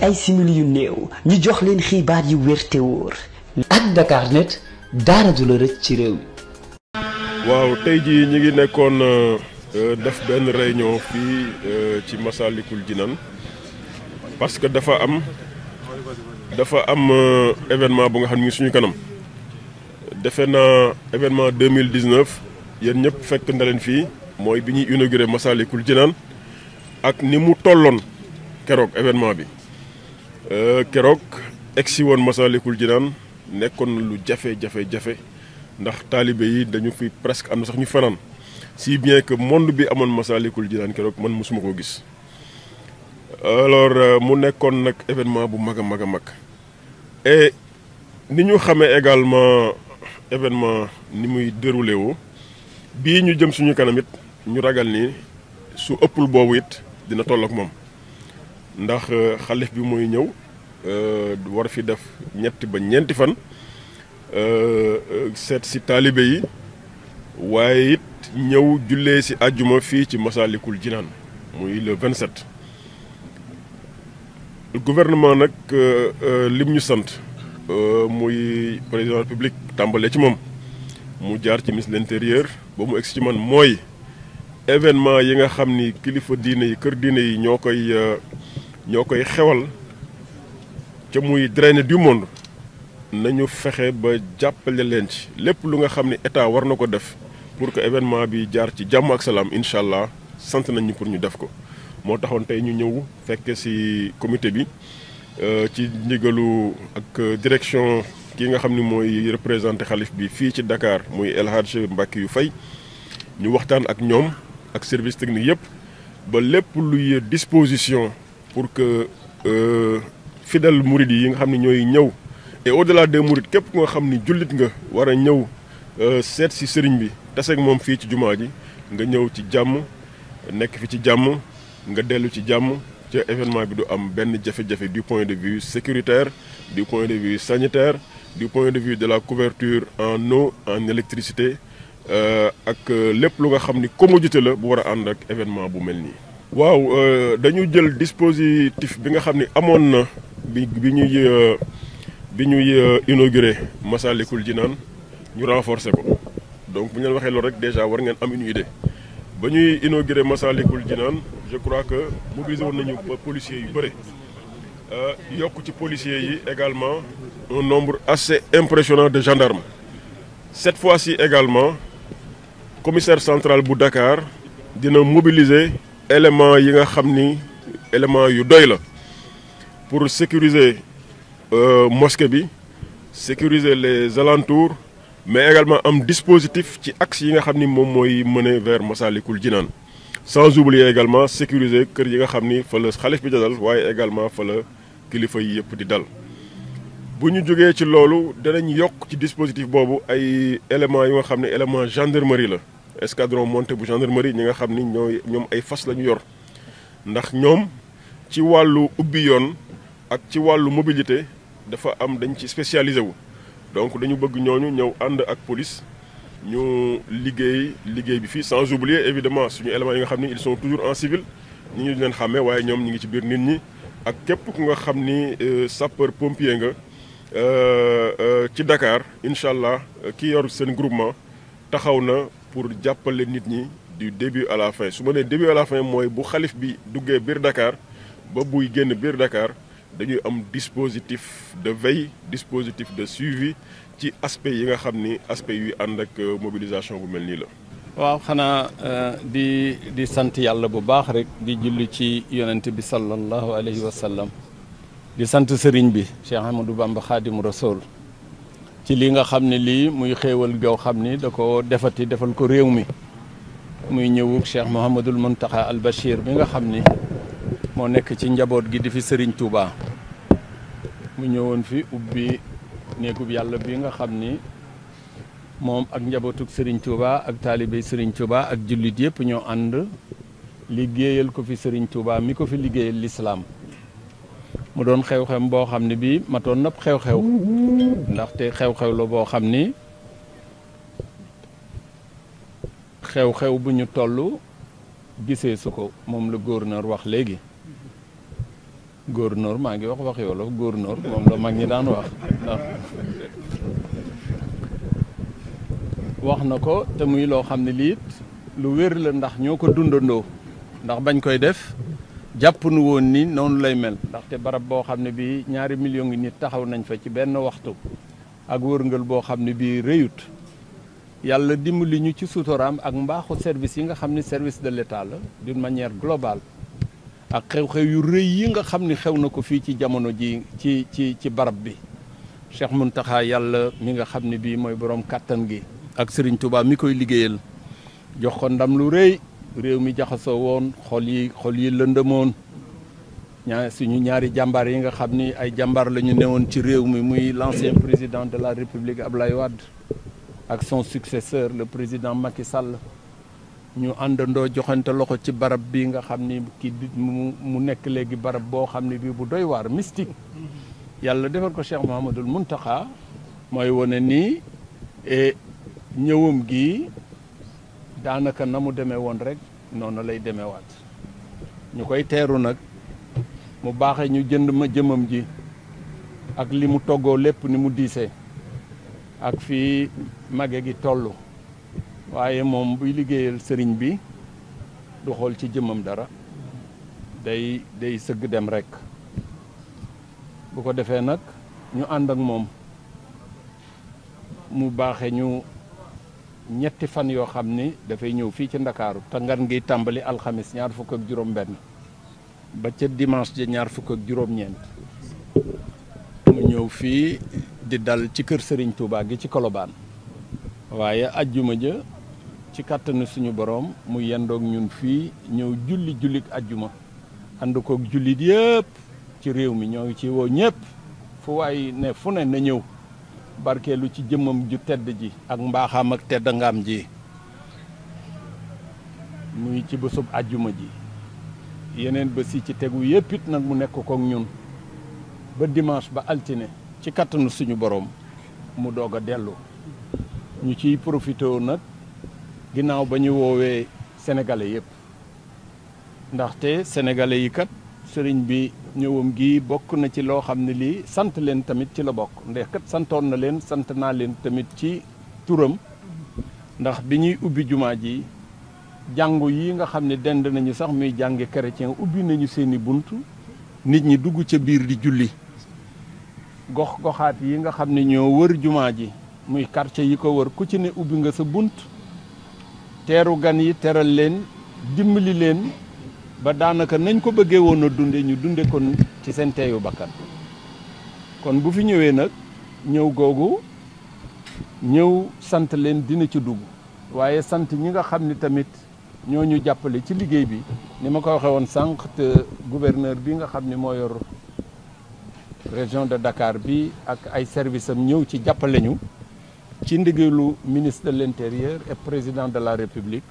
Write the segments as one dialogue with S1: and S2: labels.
S1: ay simili yu néew ñu jox leen xibaar yu wér te wóor. ak Dakar net daara du la rëcc ci réew mi. waaw tey jii ñi ngi nekkoon euh, def benn réunion fii euh, ci Massalikul Jinan parce que dafa am dafa am euh, événement bu nga xam ni suñu kanam defe na événement 2019 yéen ñëpp fekk na leen fii mooy bi ñuy inauguré Massalikul Jinan ak ni mu tolloon keroog événement bi Euh, keroog egsi woon Massalikul Jinaan nekkoon lu jafe-jafe-jafe ndax taalibe yi dañu fi presque am na sax ñu fanaan si bien que monde bi amoon Massalikul Jinaan keroog man mosuma ko gis alors euh, mu nekkoon nag événement bu mag a mag a mag et ni ñu xamee également événement ni muy déroulé woo bii ñu jëm suñu kanam it ñu ragal ni su ëppul boobu it dina toll ak moom ndax euh, xalif bi mooy ñëw euh, war fi def ñetti ba ñeenti fan euh, seet si taalibe yi waaye it ñëw jullee si àjjuma fii ci Masaalikul Jinaan muy le 27. Le gouvernement nag lim ñu sant muy président république tàmbalee ci moom mu jaar ci ministre de ba mu egsi ci man mooy événement yi nga xam ni kilifa diine yi kër diine yi ñoo koy. ñoo koy xewal ca muy drainer du monde nañu fexe ba jàppale leen lépp lu nga xam ne état war na ko def pour que événement bi jaar ci jàmm ak salaam incha allah sant nañu pour ñu def ko moo taxoon tey ñu ñëw fekk ci comité bi euh, ci ndigalu ak direction ki nga xam ne mooy représenté xalif bi fii ci Dakar muy El Hadj yu fay ñu waxtaan ak ñoom ak service technique yëpp ba lépp luy disposition pour que euh, fidèle mouride yi nga xam ne ñooy ñëw et au delà des képp ku nga xam ni jullit nga war a ñëw euh, seet si sëriñ bi taseeg moom fii ci jumaa ji nga ñëw ci jàmm nekk fi ci jàmm nga dellu ci jàmm ca événement bi du am benn jafe-jafe du point de vue sécuritaire du point de vue sanitaire du point de vue de la couverture en eau en électricité euh, ak lépp lu nga xam ni commodité la bu war a ànd ak événement bu mel nii waaw euh, dañu jël dispositif bi nga xam ni amoon na bi bi ñuy euh, bi ñuy euh, inauguré Massalikul naan ñu renforcer ko donc bu ñu leen waxee loolu rek déjà war ngeen am une ba ñuy inauguré Massalikul naan je crois que mobilisé woon nañu policiers yu bëri yokk ci policiers yi également un nombre assez impressionnant de gendarmes cette fois si également commissaire central bu Dakar dina mobiliser. élément yi nga xam ni élément yu doy la pour sécuriser euh, mosquée bi sécuriser les alentours mais également am dispositif ci axe yi nga xam ni moom mooy mené vers Massalikul Jinaan sans oublier également sécuriser kër yi nga xam ni fa la xalif bi dal waaye également fa la kilifa yi yëpp di dal bu ñu jógee ci loolu danañ yokk ci dispositif boobu ay éléments yu nga xam ne élément gendarmerie la escadron monté bu gendarmerie ñi nga xam ni ñooy ñoom ay fas la ñu yor ndax ñoom ci wàllu ubbi yoon ak ci wàllu mobilité dafa am dañu ci spécialisé wu donc dañu bëgg ñooñu ñëw ànd ak police ñu liggéey liggéey bi fii sans oublier évidemment suñu éléments yi nga xam ni ils sont toujours en civil ñi ñu leen xàmmee waaye ñoom ñi ngi ci biir nit ñi ak képp ku nga xam ni euh, sapeur pompier nga euh, euh, ci Dakar incha allah ki yor seen groupement taxaw na pour jàppale nit ñi du début à la fin su ma nee début à la fin mooy bu xalif bi duggee biir Dakar ba buy génn biir Dakar dañuy am dispositif de veille dispositif de suivi ci aspect yi nga xam ni aspect yuy ànd ak euh, mobilisation bu mel nii la.
S2: waaw xanaa euh, di di sant yàlla bu baax rek di julli ci yonent bi sallallahu alayhi wa di sant sëriñ bi Cheikh Amadou Bamba Khadim Rasoul ci li nga xam ne lii muy xéewal goo xam ni da ko defati defal ko réew mi muy ñëwug Cheikh Mouhamadul Mountakha Al Bachir bi nga xam ni moo nekk ci njaboot gi di fi Serigne Touba mu ñëwoon fi ubbi néegub yàlla bi nga xam ni moom ak njabootug sëriñ Touba ak taalibe Serigne Touba ak jullit yëpp ñoo ànd liggéeyal ko fi sëriñ Touba mi ko fi liggéeyal lislaam mu doon xew-xew boo xam ne bii matoon napp xew-xew ndaxte xew-xew la boo xam ni xew-xew bu ñu tollu gisee su ko moom la gouverneur wax léegi gouverneur maa ngi wax wax yoo la moom la mag ñi daan wax ndax wax na ko te muy loo xam ne liit lu wér la ndax ñoo ko dundandoo ndax bañ koy def jàpp nu woon nii noonu lay mel ndaxte barab boo xam ne bii ñaari million ngi nit taxaw nañ fa ci benn waxtu ak wërngal boo xam ne bii rëyut yàlla dimbali ñu ci sutoraam ak mbaaxu service yi nga xam ne service de l'État la d'une manière globale ak xew-xew yu rëy yi nga xam ni xew na ko fii ci jamono ji ci ci ci barab bi Cheikh Mountakha yàlla mi nga xam ne bii mooy boroom kàttan gi ak Serigne tubaab mi koy liggéeyal jox ko ndam lu rëy réew mi jaxasoo woon xol yi xol yi lëndëmoon ñaa suñu ñaari jàmbaar yi nga xam ni ay jàmbaar la ñu newoon ci réew mi muy l'ancien président de la République Ablaye Wade ak son successeur le président Macky Sall ñu àndandoo joxante loxo ci barab bi nga xam ni kii mu mu nekk léegi barab boo xam ne bii bu doy waar mystique yàlla defal ko Cheikh Mouhamadoul Mountakha mooy wone nii eh, ñëwam gi daanaka na mu demee woon rek noonu lay demewaat ñu koy teeru nag mu baaxe ñu jënd ma jëmmam ji ak li mu toggoo lépp ni mu diise ak fii mage gi toll waaye moom buy liggéeyal sëriñ bi du xool ci jëmmam dara day day sëgg dem rekk bu ko defee nag ñu ànd ak moom mu baaxee ñu ñetti fan yoo xam ni dafay ñëw fii ci ndakaaru te ngan ngiy tàmbali alxamis ñaar fukk ak juróom benn ba ca dimanche ja ñaar fukk ak juróom-ñeent mu ñëw fii di dal ci kër sëriñ Touba gi ci kolobaan waaye ajjuma ja ci kàttanu suñu borom muy yendook ñun fii ñëw julli jullik ajjuma ànd koog jullit yëpp ci réew mi ñoo ngi ci woo ñëpp fu waay ne fu ne na ñëw barkeelu ci jëmmam ju tedd ji ak mbaaxaam ak tedd ngaam ji muy ci bésub àjjuma ji yeneen bés yi ci tegu yépp nag mu nekk kook ñun ba dimanche ba altine ci kattanu suñu borom mu doog a dellu ñu ciy profité nag ginnaaw ba ñu woowee sénégalais yépp ndaxte sénégalais yi kat sëriñ bi ñëwam gi bokk na ci loo xam ne lii sant leen tamit ci la bokk ndax santoon na leen sant naa leen tamit ci turam ndax bi ñuy ubbi jumaa ji jàngu yi nga xam ne dend nañu sax muy jànge chrétien ubbi nañu seeni bunt nit ñi dugg ca biir di julli gox goxaat yi nga xam ne ñoo wër jumaa ji muy karce yi ko wër ku ci ne ubbi nga sa bunt teeru gan yi teral leen dimbali leen ba daanaka nañ ko bëggee woon a dunde ñu dunde kon ci seen teeyu bakkan kon bu fi ñëwee nag ñëw googu ñëw sant leen dina ci dugg waaye sant ñi nga xam ni tamit ñoo ñu jàppale ci liggéey bi ni ma ko waxee woon sànq te gouverneur bi nga xam ni moo yor région de Dakar bi ak ay service am ñëw ci jàppale ñu ci ndigalu ministre de l'intérieur et président de la république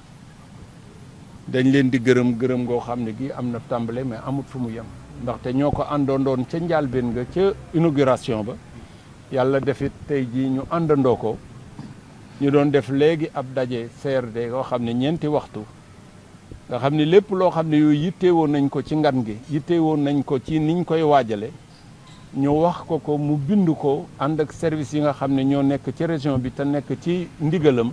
S2: dañ leen di gërëm gërëm goo xam ne gi am na tàmbale mais amut fu mu yem ndaxte ñoo ko àndandoon ca njaalbeen nga ca inauguration ba yàlla defit tey jii ñu àndandoo ko ñu doon def léegi ab daje CRD yoo xam ne ñeenti waxtu nga xam ne lépp loo xam ne yooyu yitte woon nañ ko ci ngan gi yitte woon nañ ko ci niñ koy waajale ñu wax ko ko mu bind ko ànd ak service yi nga xam ne ñoo nekk ci région bi te nekk ci ndigalam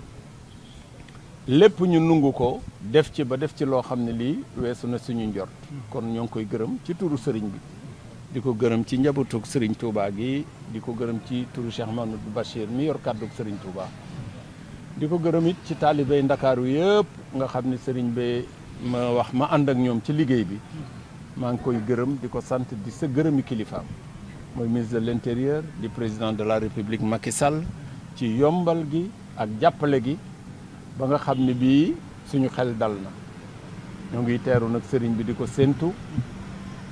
S2: lépp ñu nungu ko def ci ba def ci loo xam ne lii weesu na suñu njor kon ñoo ngi koy gërëm ci turu sëriñ bi di ko gërëm ci njabootug sëriñ Touba gi di ko gërëm ci turu Cheikh Mamadou Bachir mi yor kàddug sëriñ Touba di ko gërëm ci taalibey Ndakaaru yëpp nga xam ne sëriñ bi ma wax ma ànd ak ñoom ci liggéey bi maa ngi koy gërëm di ko sant di sa gërëmi kilifaam mooy ministre de l'intérieur di président de la république Macky Sall ci yombal gi ak jàppale gi ba nga xam ne bii suñu xel dal na ñoo ngi teeru nag sëriñ bi di ko séentu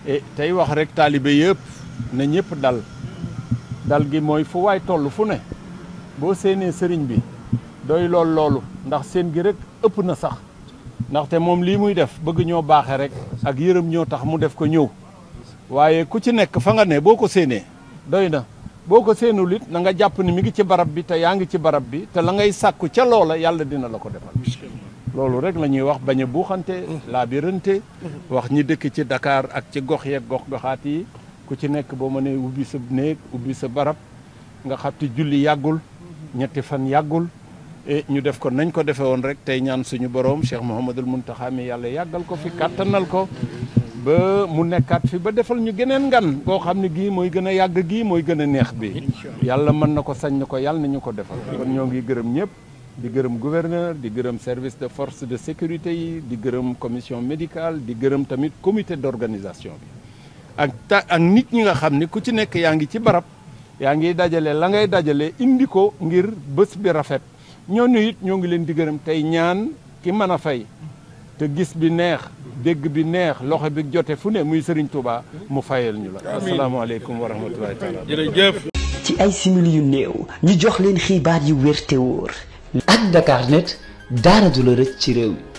S2: et tey wax rek taalibe yépp na ñëpp dal dal gi mooy fu waay toll fu ne boo séenee sëriñ bi doy lool loolu ndax séen gi rek ëpp na sax ndaxte moom lii muy def bëgg ñoo baaxe rek ak yërëm ñoo tax mu def ko ñëw waaye ku ci nekk fa nga ne boo ko séenee doy na boo ko seenul it na nga jàpp ni mi ngi ci barab bi te yaa ngi ci barab bi te la ngay sàkku ca loola yàlla dina la ko defal loolu rek la ñuy wax bañ a buuxante laabirante wax ñi dëkk ci dakaar ak ci gox yeeg gox goxaat yi ku ci nekk boo mënee ubbi sa bu néeg ubbi sa barab nga xam te julli yàggul ñetti fan yàggul e ñu def ko nañ ko defe woon rek tey ñaan suñu boroom Cheikh Mouhamadul Mountakha mi yàlla yàggal ko fi kàttanal ko ba mu nekkaat fi ba defal ñu geneen ngan koo xam ne gii mooy gën a yàgg gii mooy gën a neex bi yàlla mën na ko sañ na ko yàlla na ñu ko defal kon ñoo ngi gërëm ñëpp di gërëm gouverneur di gërëm service de force de sécurité yi di gërëm commission médicale di gërëm tamit comité d'organisation bi ak ta ak nit ñi nga xam ni ku ci nekk yaa ngi ci barab yaa ngi dajale la ngay dajale indi ko ngir bës bi rafet ñooñu it ñoo ngi leen di gërëm tey ñaan ki mën a fay te gis bi neex dégg bi neex loxo bi jote fu ne muy Serigne Touba mu fayal ñu la asalaamaaleykum wa rahmatulahi taala jërëjëf
S1: ci ay simili yu neew ñu jox leen xibaar yu wér te wóor ak Dakarnet dara du la rëcc ci réew mi